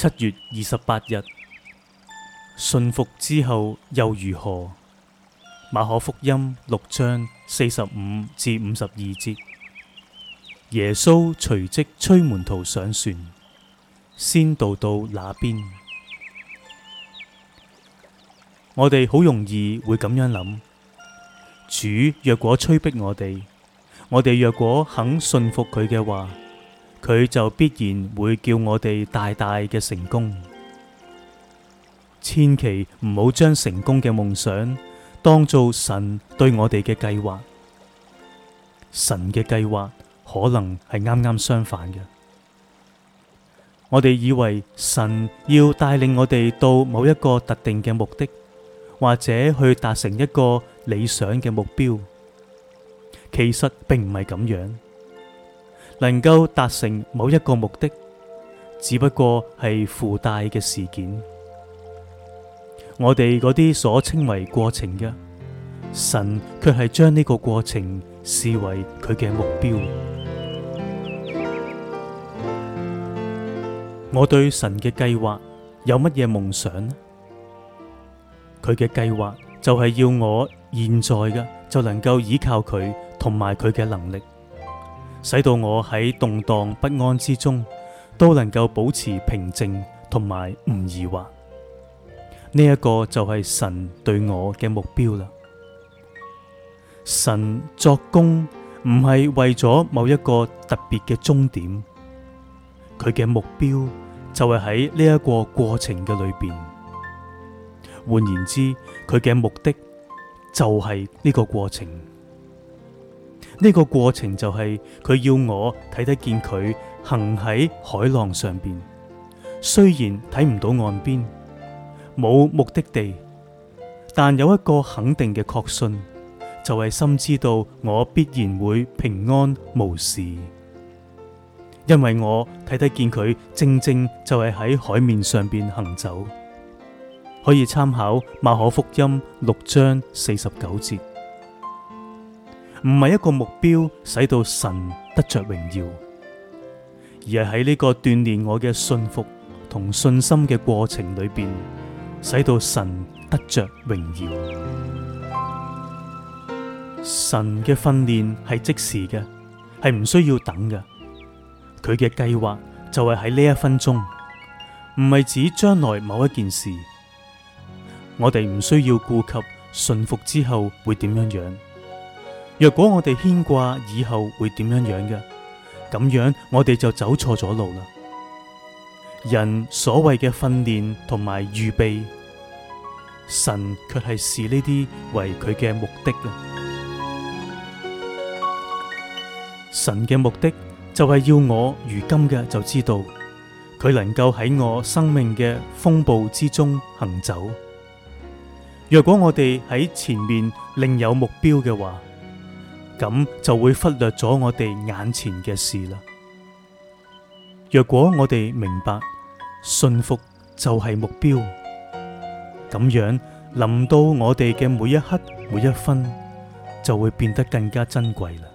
七月二十八日，信服之後又如何？馬可福音六章四十五至五十二節，耶穌隨即催門徒上船，先渡到那邊。我哋好容易會咁樣諗：主若果催逼我哋，我哋若果肯信服佢嘅話。佢就必然會叫我哋大大嘅成功，千祈唔好將成功嘅夢想當做神對我哋嘅計劃，神嘅計劃可能係啱啱相反嘅。我哋以為神要帶領我哋到某一個特定嘅目的，或者去達成一個理想嘅目標，其實並唔係咁樣。能夠達成某一個目的，只不過係附帶嘅事件。我哋嗰啲所稱為過程嘅，神卻係將呢個過程視為佢嘅目標。我對神嘅計劃有乜嘢夢想呢？佢嘅計劃就係要我現在嘅就能夠依靠佢同埋佢嘅能力。使到我喺動蕩不安之中都能夠保持平靜同埋唔疑惑，呢一個就係神對我嘅目標啦。神作工唔係為咗某一個特別嘅終點，佢嘅目標就係喺呢一個過程嘅裏邊。換言之，佢嘅目的就係呢個過程。呢個過程就係佢要我睇得見佢行喺海浪上邊，雖然睇唔到岸邊，冇目的地，但有一個肯定嘅確信，就係深知道我必然會平安無事，因為我睇得見佢正正就係喺海面上邊行走，可以參考馬可福音六章四十九節。唔係一個目標，使到神得着榮耀，而係喺呢個鍛煉我嘅信服同信心嘅過程裏邊，使到神得着榮耀。神嘅訓練係即時嘅，係唔需要等嘅。佢嘅計劃就係喺呢一分鐘，唔係指將來某一件事。我哋唔需要顧及信服之後會點樣樣。若果我哋牽掛以後會點樣樣嘅，咁樣我哋就走錯咗路啦。人所謂嘅訓練同埋預備，神卻係視呢啲為佢嘅目的啊！神嘅目的就係要我如今嘅就知道，佢能夠喺我生命嘅風暴之中行走。若果我哋喺前面另有目標嘅話，咁就會忽略咗我哋眼前嘅事啦。若果我哋明白，信服就係目標，咁樣臨到我哋嘅每一刻、每一分，就會變得更加珍貴啦。